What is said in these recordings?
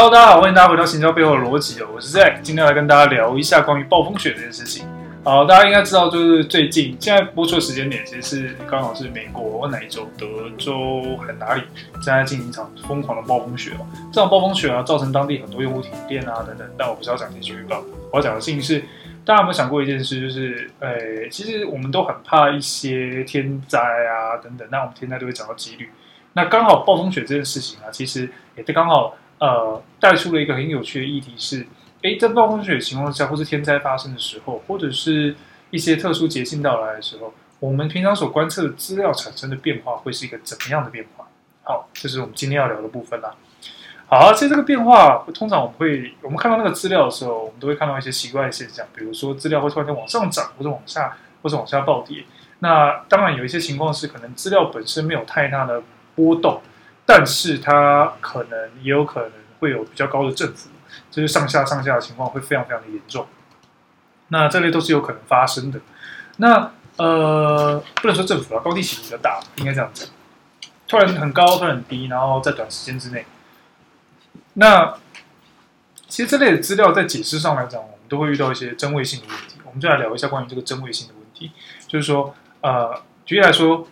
Hello，大家好，歡迎大家回到《行銷背後的邏輯》，我是 Zack，今天來跟大家聊一下關於暴風雪這件事情。好，大家應該知道，就是最近現在播出的時間點，其實是剛好是美國哪一州，德州還哪裡正在進行一場瘋狂的暴風雪哦。這場暴風雪啊，造成當地很多用戶停電啊等等。但我不是要講天氣預報，我要講的事情是，大家有沒有想過一件事？就是，誒、欸，其實我們都很怕一些天災啊等等，那我們天災都會講到幾率。那剛好暴風雪這件事情啊，其實也剛、欸、好。呃，帶出了一個很有趣的議題是：誒，在暴風雪的情況下，或是天災發生的時候，或者是一些特殊節慶到來的時候，我們平常所觀測的資料產生的變化會是一個怎麼樣的變化？好，這就是我們今天要聊的部分啦。好，在這個變化，通常我們會，我們看到那個資料的時候，我們都會看到一些奇怪的現象，比如說資料會突然間往上漲，或者往下，或者往下暴跌。那當然有一些情況是可能資料本身沒有太大的波動。但是它可能也有可能會有比較高的振幅，就是上下上下的情況會非常非常的嚴重。那這類都是有可能發生的。那呃，不能說振幅了，高低起伏比較大，應該這樣子。突然很高，突然很低，然後在短時間之內。那其實這類的資料在解釋上來講，我們都會遇到一些真偽性的問題。我們就來聊一下關於這個真偽性的問題，就是說呃，舉例來說，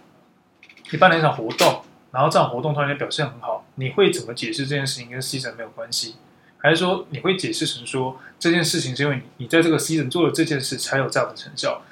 你辦了一場活動。然後這樣活動，突然間表現很好，你會怎麼解釋這件事情跟 season 沒有關係？還是說你會解釋成說這件事情是因為你你在這個 season 做了這件事，才有這樣的成效？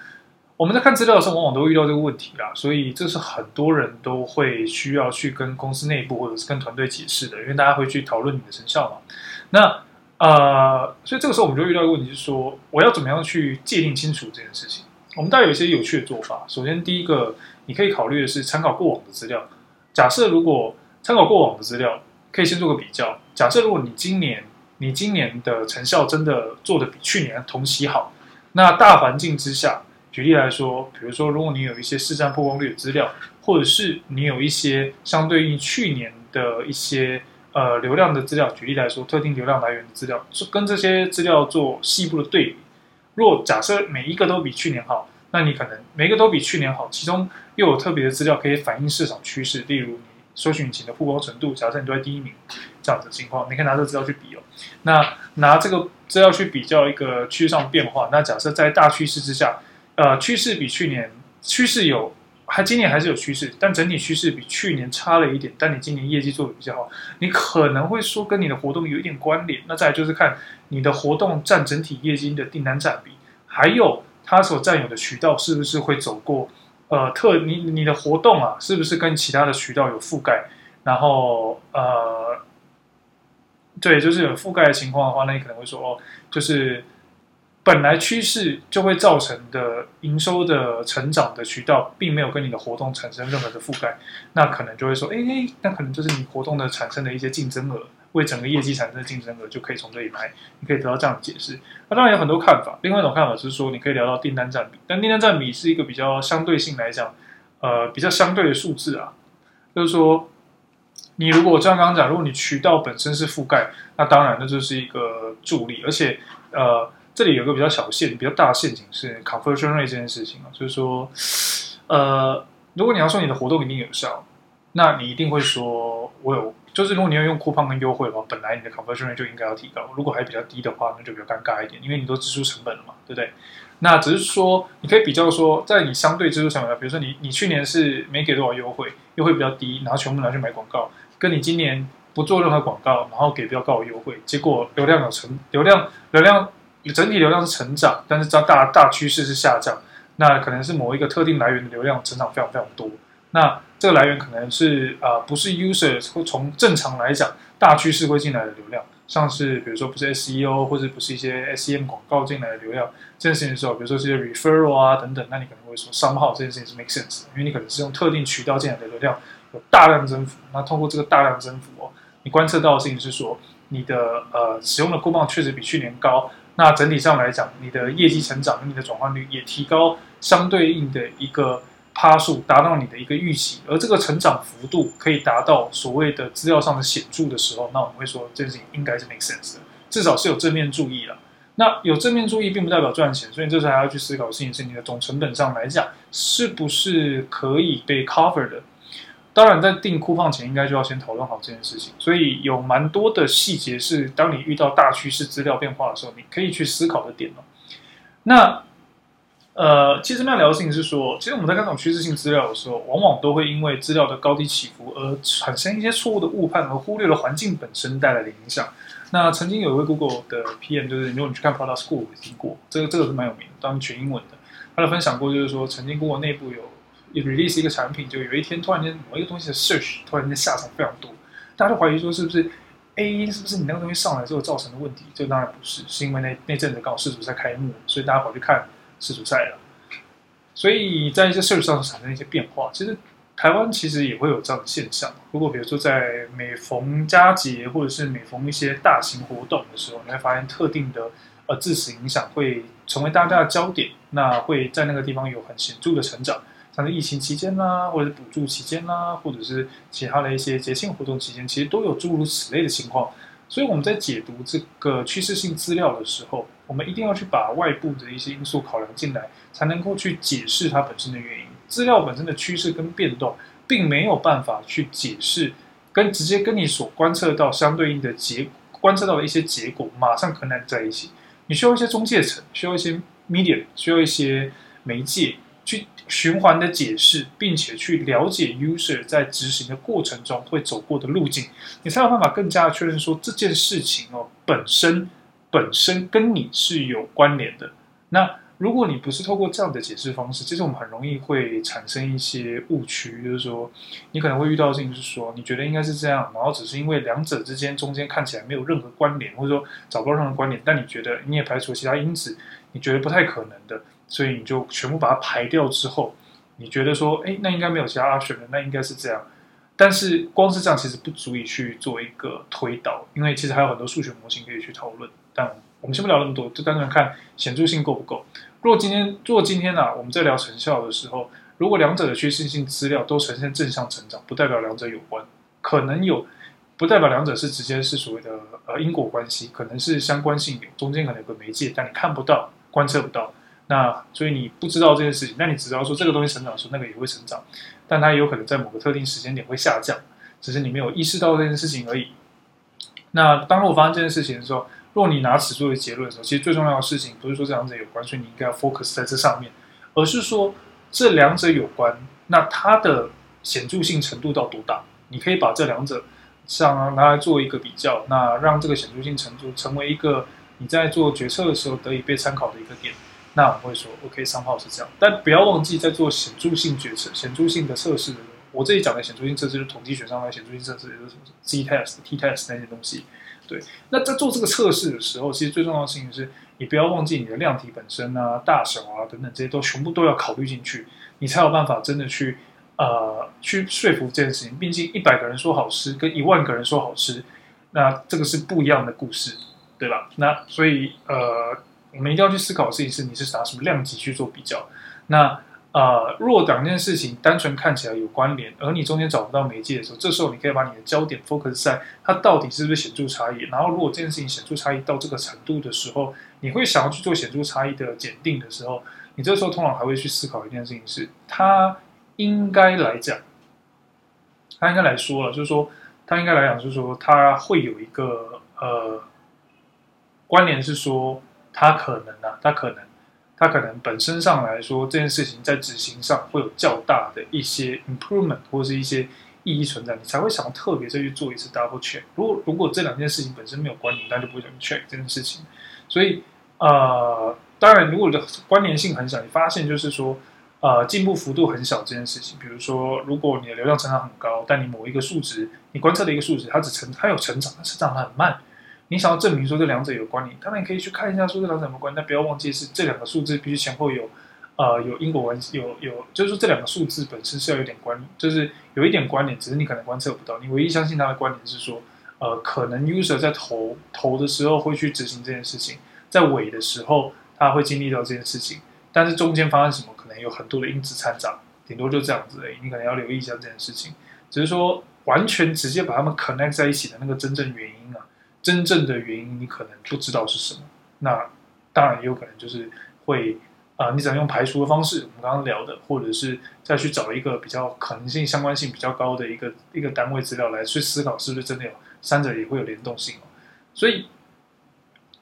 我們在看資料的時候，往往都遇到這個問題啦，所以這是很多人都會需要去跟公司內部或者是跟團隊解釋的，因為大家會去討論你的成效嘛。那呃，所以這個時候我們就遇到一個問題，是說我要怎麼樣去界定清楚這件事情？我們大家有一些有趣的做法。首先，第一個你可以考慮的是參考過往的資料。假設如果參考過往的資料，可以先做個比較。假設如果你今年你今年的成效真的做得比去年同期好，那大環境之下，舉例來說，比如說如果你有一些市占曝光率的資料，或者是你有一些相對應去年的一些呃流量的資料，舉例來說特定流量來源的資料，是跟這些資料做細部的對比。若假設每一個都比去年好。那你可能每個都比去年好，其中又有特別的資料可以反映市場趨勢，例如你搜尋引擎的曝光程度，假設你都在第一名這樣子的情況，你可以拿這個資料去比哦。那拿這個資料去比較一個趨勢上變化，那假設在大趨勢之下，呃，趨勢比去年趨勢有，還今年還是有趨勢，但整體趨勢比去年差了一點，但你今年業績做得比較好，你可能會說跟你的活動有一點關聯。那再就是看你的活動佔整體業績的訂單佔比，還有。它所佔有的渠道是不是會走過？呃，特你你的活動啊，是不是跟其他的渠道有覆蓋？然後，呃，對，就是有覆蓋的情況的話，那你可能會說，哦，就是。本來趨勢就會造成的營收的成長的渠道，並沒有跟你的活動產生任何的覆蓋，那可能就會說，哎、欸、哎，那可能就是你活動的產生的一些競爭額，為整個業績產生的競爭額，就可以從這裡來，你可以得到這樣的解釋。那、啊、當然有很多看法，另外一種看法就是說，你可以聊到訂單佔比，但訂單佔比是一個比較相對性來講，呃，比較相對的數字啊，就是說，你如果像剛剛講，如果你渠道本身是覆蓋，那當然那就是一個助力，而且，呃。這裡有一個比較小的陷阱、比較大的陷阱是 conversion rate 這件事情啊，就是說，呃，如果你要說你的活動一定有效，那你一定會說，我有，就是如果你要用 coupon 跟優惠的話，本來你的 conversion rate 就應該要提高，如果還比較低的話，那就比較尷尬一點，因為你都支出成本了嘛，對不對？那只是說，你可以比較說，在你相對支出成本，比如說你你去年是沒給多少優惠，優惠比較低，然後全部拿去買廣告，跟你今年不做任何廣告，然後給比較高的優惠，結果流量有成，流量，流量。流量整體流量是成長，但是它大大、大趨勢是下降。那可能是某一個特定來源的流量成長非常非常多。那這個來源可能是啊、呃，不是 user 會從正常來講，大趨勢會進來的流量，像是比如說不是 SEO 或者不是一些 SEM 廣告進來的流量，這件事情的時候，比如說這些 referral 啊等等，那你可能會說 somehow 這件事情是 make sense 的，因為你可能是用特定渠道進來的流量有大量增幅。那通過這個大量增幅哦，你觀測到的事情是說，你的呃使用的 coupon 確實比去年高。那整體上來講，你的業績成長、跟你的轉換率也提高，相對應的一個趴數達到你的一個預期，而這個成長幅度可以達到所謂的資料上的顯著的時候，那我們會說這件事情應該是 make sense 的，至少是有正面注意了。那有正面注意並不代表賺錢，所以這時候還要去思考事情是你的總成本上來講是不是可以被 cover 的。當然，在定庫放前，應該就要先討論好這件事情。所以有蠻多的細節是，當你遇到大趨勢資料變化的時候，你可以去思考的點、哦、那，呃，其實要聊性是說，其實我們在看這種趨勢性資料的時候，往往都會因為資料的高低起伏而產生一些錯誤的誤判，和忽略了環境本身帶來的影響。那曾經有一位 Google 的 PM，就是如果你去看 Product School，聽過這個，這個是蠻有名的，當然全英文的。他的分享過就是說，曾經 Google 內部有。release 一個產品，就有一天突然間某一個東西的 search 突然間下場非常多，大家都懷疑說是不是 A 是不是你那個東西上來之後造成的問題？這當然不是，是因為那那陣子剛好世足賽開幕，所以大家跑去看世足賽了，所以在一些 search 上產生一些變化。其實台灣其實也會有這樣的現象。如果比如說在每逢佳節或者是每逢一些大型活動的時候，你會發現特定的呃字詞影響會成為大家的焦點，那會在那個地方有很顯著的成長。在疫情期間啦、啊，或者是補助期間啦、啊，或者是其他的一些節慶活動期間，其實都有諸如此類的情況。所以我們在解讀這個趨勢性資料的時候，我們一定要去把外部的一些因素考量進來，才能夠去解釋它本身的原因。資料本身的趨勢跟變動，並沒有辦法去解釋跟直接跟你所觀測到相對應的結果，觀測到的一些結果馬上可能在一起。你需要一些中介層，需要一些 medium，需要一些媒介去。循環的解釋，並且去了解 user 在執行的過程中會走過的路徑，你才有辦法更加的確認說這件事情哦，本身本身跟你是有關聯的。那。如果你不是透過這樣的解釋方式，其實我們很容易會產生一些誤區，就是說你可能會遇到的事情就是說，你覺得應該是這樣，然後只是因為兩者之間中間看起來沒有任何關聯，或者說找不到任何關聯，但你覺得你也排除了其他因子，你覺得不太可能的，所以你就全部把它排掉之後，你覺得說，誒，那應該沒有其他 option，那應該是這樣。但是光是這樣其實不足以去做一個推導，因為其實還有很多數學模型可以去討論，但。我們先不聊那麼多，就單純看顯著性夠不夠。如果今天，如果今天呢、啊，我們在聊成效的時候，如果兩者的趨勢性資料都呈現正向成長，不代表兩者有關，可能有，不代表兩者是直接是所謂的呃因果關係，可能是相關性有，中間可能有個媒介，但你看不到，觀測不到，那所以你不知道這件事情，那你只知道說這個東西成長的時候，那個也會成長，但它也有可能在某個特定時間點會下降，只是你沒有意識到這件事情而已。那當我發現這件事情的時候。若你拿此作為結論的時候，其實最重要的事情不是說這兩者有關，所以你應該要 focus 在這上面，而是說這兩者有關，那它的顯著性程度到多大？你可以把這兩者像拿來做一個比較，那讓這個顯著性程度成為一個你在做決策的時候得以被參考的一個點。那我們會說，OK，三號是這樣，但不要忘記在做顯著性決策、顯著性的測試的時候，我這裡講的顯著性測試就是統計學上的顯著性測試，也就是 Z test、T test 那些東西。對，那在做這個測試的時候，其實最重要的事情是，你不要忘記你的量體本身啊、大小啊等等這些都全部都要考慮進去，你才有辦法真的去，呃，去說服這件事情。畢竟一百個人說好吃跟一萬個人說好吃，那這個是不一樣的故事，對吧？那所以，呃，我們一定要去思考的事情是，你是拿什麼量級去做比較？那。啊、呃，若兩件事情單純看起來有關聯，而你中間找不到媒介的時候，這時候你可以把你的焦點 focus 在它到底是不是顯著差異。然後，如果這件事情顯著差異到這個程度的時候，你會想要去做顯著差異的檢定的時候，你這時候通常還會去思考一件事情是，它應該來講，它應該來說了，就是說，它應該來講就是說，它會有一個呃關聯，是說它可能啊，它可能。它可能本身上來說，這件事情在執行上會有較大的一些 improvement 或是一些意義存在，你才會想要特別再去做一次 double check。如果如果這兩件事情本身沒有關聯，那就不會去 check 這件事情。所以呃，當然，如果你的關聯性很小，你發現就是說，呃，進步幅度很小這件事情。比如說，如果你的流量成長很高，但你某一個數值，你觀測的一個數值，它只成它有成長，但成長的很慢。你想要證明說這兩者有關聯，當然也可以去看一下說這兩者有沒有關，但不要忘記是這兩個數字必須前後有，呃，有因果關係，有有就是說這兩個數字本身是要有點關，就是有一點關聯，只是你可能觀測不到。你唯一相信他的觀點是說，呃，可能 user 在頭頭的時候會去執行這件事情，在尾的時候他會經歷到這件事情，但是中間發生什麼可能有很多的因子摻雜，頂多就這樣子而已。你可能要留意一下這件事情，只是說完全直接把它們 connect 在一起的那個真正原因啊。真正的原因你可能不知道是什麼，那當然也有可能就是會啊、呃，你想用排除的方式，我們剛剛聊的，或者是再去找一個比較可能性相關性比較高的一個一個單位資料來去思考，是不是真的有三者也會有聯動性。所以，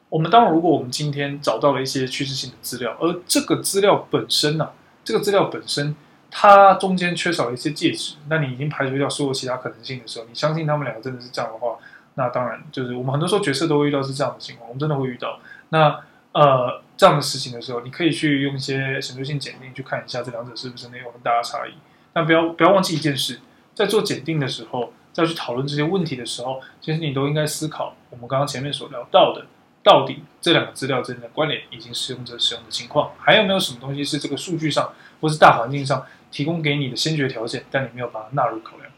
我們當然，如果我們今天找到了一些趨勢性的資料，而這個資料本身呢、啊，這個資料本身它中間缺少了一些介質，那你已經排除掉所有其他可能性的時候，你相信他們兩個真的是這樣的話。那當然，就是我們很多時候角色都會遇到是這樣的情況，我們真的會遇到那呃這樣的事情的時候，你可以去用一些顯著性檢定去看一下這兩者是不是沒有很大的差異。但不要不要忘記一件事，在做檢定的時候，在去討論這些問題的時候，其實你都應該思考我們剛剛前面所聊到的，到底這兩個資料之間的關聯以及使用者使用的情況，還有沒有什麼東西是這個數據上或是大環境上提供給你的先決條件，但你沒有把它納入考量。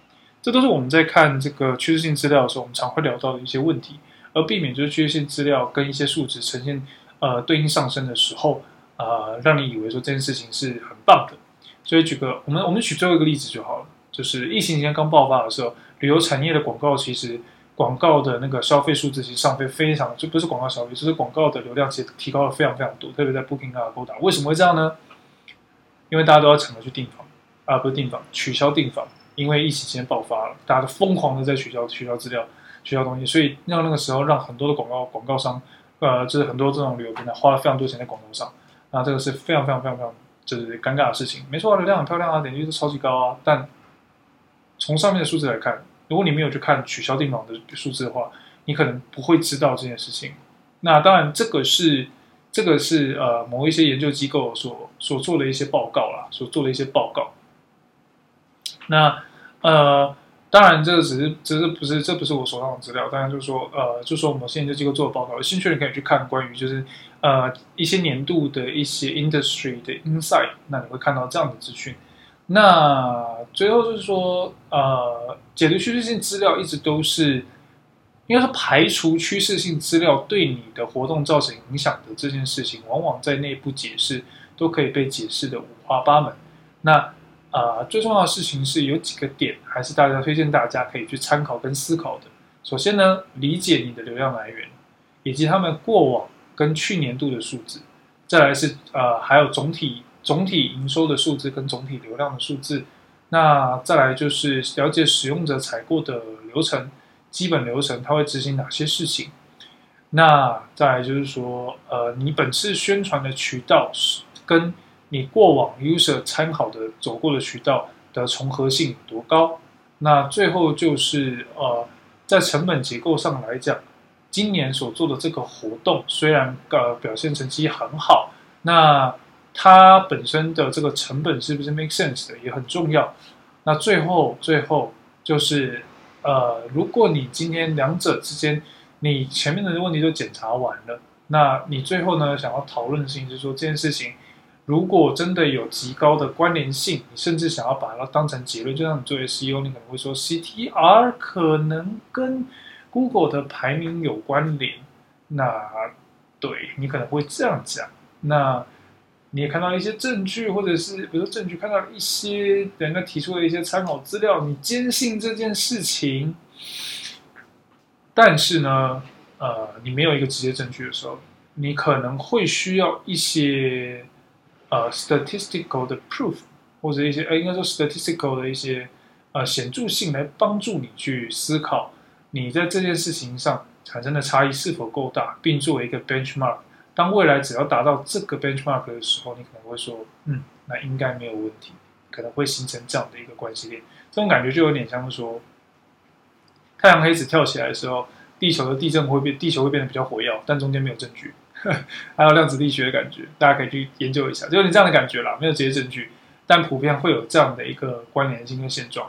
這都是我們在看這個趨勢性資料的時候，我們常會聊到的一些問題，而避免就是趨勢性資料跟一些數值呈現呃對應上升的時候，呃，讓你以為說這件事情是很棒的。所以，舉個我們我們舉最後一個例子就好了，就是疫情期間剛爆發的時候，旅遊產業的廣告其實廣告的那個消費數字其實上升非常，就不是廣告消費，就是廣告的流量其實提高了非常非常多，特別在 Booking 啊、Agoda。為什麼會這樣呢？因為大家都要搶着去訂房啊，不是訂房取消訂房。因為疫情先爆發了，大家都瘋狂的在取消取消資料、取消東西，所以讓那個時候讓很多的廣告廣告商，呃，就是很多這種旅遊平台花了非常多錢在廣告上，那、啊、這個是非常非常非常非常就是尷尬的事情。沒錯、啊，流量很漂亮啊，點擊率是超級高啊，但從上面的數字來看，如果你沒有去看取消訂房的數字的話，你可能不會知道這件事情。那當然這，這個是這個是呃某一些研究機構所所做的一些報告啦、啊，所做的一些報告。那，呃，當然，這個只是，只是不是，這不是我手上的資料。當然，就是說，呃，就說我們現在就機構做的報告，有興趣的可以去看關於就是，呃，一些年度的一些 industry 的 insight。那你會看到這樣的資訊。那最後就是說，呃，解讀趨勢性資料一直都是，應該是排除趨勢性資料對你的活動造成影響的這件事情，往往在內部解釋都可以被解釋得五花八門。那。啊、呃，最重要的事情是有幾個點，還是大家推薦大家可以去參考跟思考的。首先呢，理解你的流量來源，以及他們過往跟去年度的數字。再來是呃，還有總體總體營收的數字跟總體流量的數字。那再來就是了解使用者採購的流程，基本流程它會執行哪些事情。那再來就是說，呃，你本次宣傳的渠道是跟。你過往 user 參考的走過的渠道的重合性有多高？那最後就是呃，在成本結構上來講，今年所做的這個活動雖然呃表現成績很好，那它本身的這個成本是不是 make sense 的也很重要。那最後最後就是呃，如果你今天兩者之間，你前面的問題都檢查完了，那你最後呢，想要討論的事情就是說這件事情。如果真的有極高的關聯性，你甚至想要把它當成結論，就像你作為 CEO，你可能會說 CTR 可能跟 Google 的排名有關聯。那對，你可能會這樣講。那你也看到一些證據，或者是比如說證據看到一些人家提出的一些參考資料，你堅信這件事情。但是呢，呃，你沒有一個直接證據的時候，你可能會需要一些。呃，statistical 的 proof 或者一些，呃，應該說 statistical 的一些呃顯著性來幫助你去思考你在這件事情上產生的差異是否夠大，並作為一個 benchmark。當未來只要達到這個 benchmark 的時候，你可能會說，嗯，那應該沒有問題，可能會形成這樣的一個關係鏈。這種感覺就有點像是說太陽黑子跳起來的時候，地球的地震會變，地球會變得比較活躍，但中間沒有證據。還有量子力學的感覺，大家可以去研究一下，就有點這樣的感覺啦，沒有直接證據，但普遍會有這樣的一個關聯性跟現狀，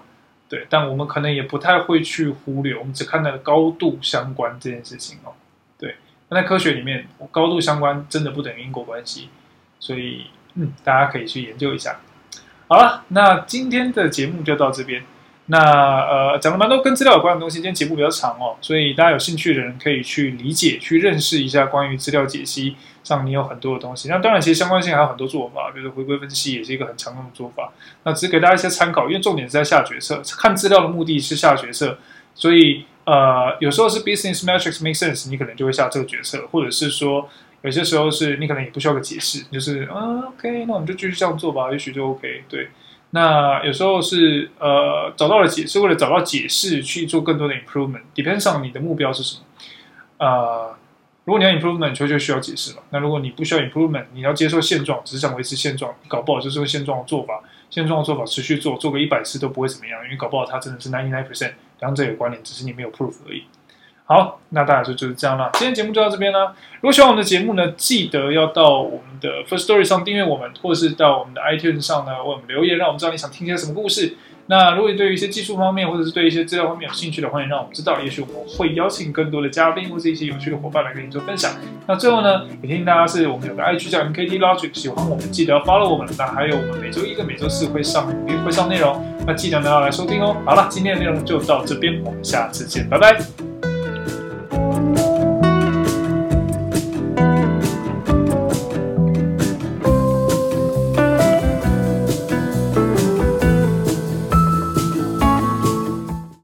對。但我們可能也不太會去忽略，我們只看到了高度相關這件事情哦，對。那在科學裡面，高度相關真的不等於因果關係，所以嗯，大家可以去研究一下。好了，那今天的節目就到這邊。那呃，講了蠻多跟資料有關的東西，今天節目比較長哦，所以大家有興趣的人可以去理解、去認識一下關於資料解析上，你有很多的東西。那當然，其實相關性還有很多做法，比如說回歸分析也是一個很常用的做法。那只給大家一些參考，因為重點是在下決策，看資料的目的是下決策。所以呃，有時候是 business metrics make sense，你可能就會下這個決策，或者是說有些時候是你可能也不需要個解釋，就是啊 OK，那我們就繼續這樣做吧，也許就 OK 對。那有時候是呃，找到了解是為了找到解釋，去做更多的 improvement，depends on 你的目標是什麼。啊、呃，如果你要 improvement，你就就需要解釋嘛。那如果你不需要 improvement，你要接受現狀，只是想維持現狀，搞不好就是個現狀的做法，現狀的做法持續做，做個一百次都不會怎麼樣，因為搞不好它真的是 ninety nine percent，兩者有關聯，只是你沒有 proof 而已。好，那大概就就是這樣了。今天節目就到這邊了。如果喜歡我們的節目呢，記得要到我們的 Firstory 上訂閱我們，或是到我們的 iTunes 上呢，為我們留言，讓我們知道你想聽些什麼故事。那如果你對於一些技術方面，或者是對一些資料方面有興趣的話，歡迎讓我們知道，也許我們會邀請更多的嘉賓，或是一些有趣的夥伴來跟你做分享。那最後呢，也提醒大家是我們有個 IG 叫 MKT Logic，喜歡我們，我們記得 follow 我們。那還有我們每周一跟每周四會上會上內容，那記得大家來收聽哦。好了，今天的內容就到這邊，我們下次見，拜拜。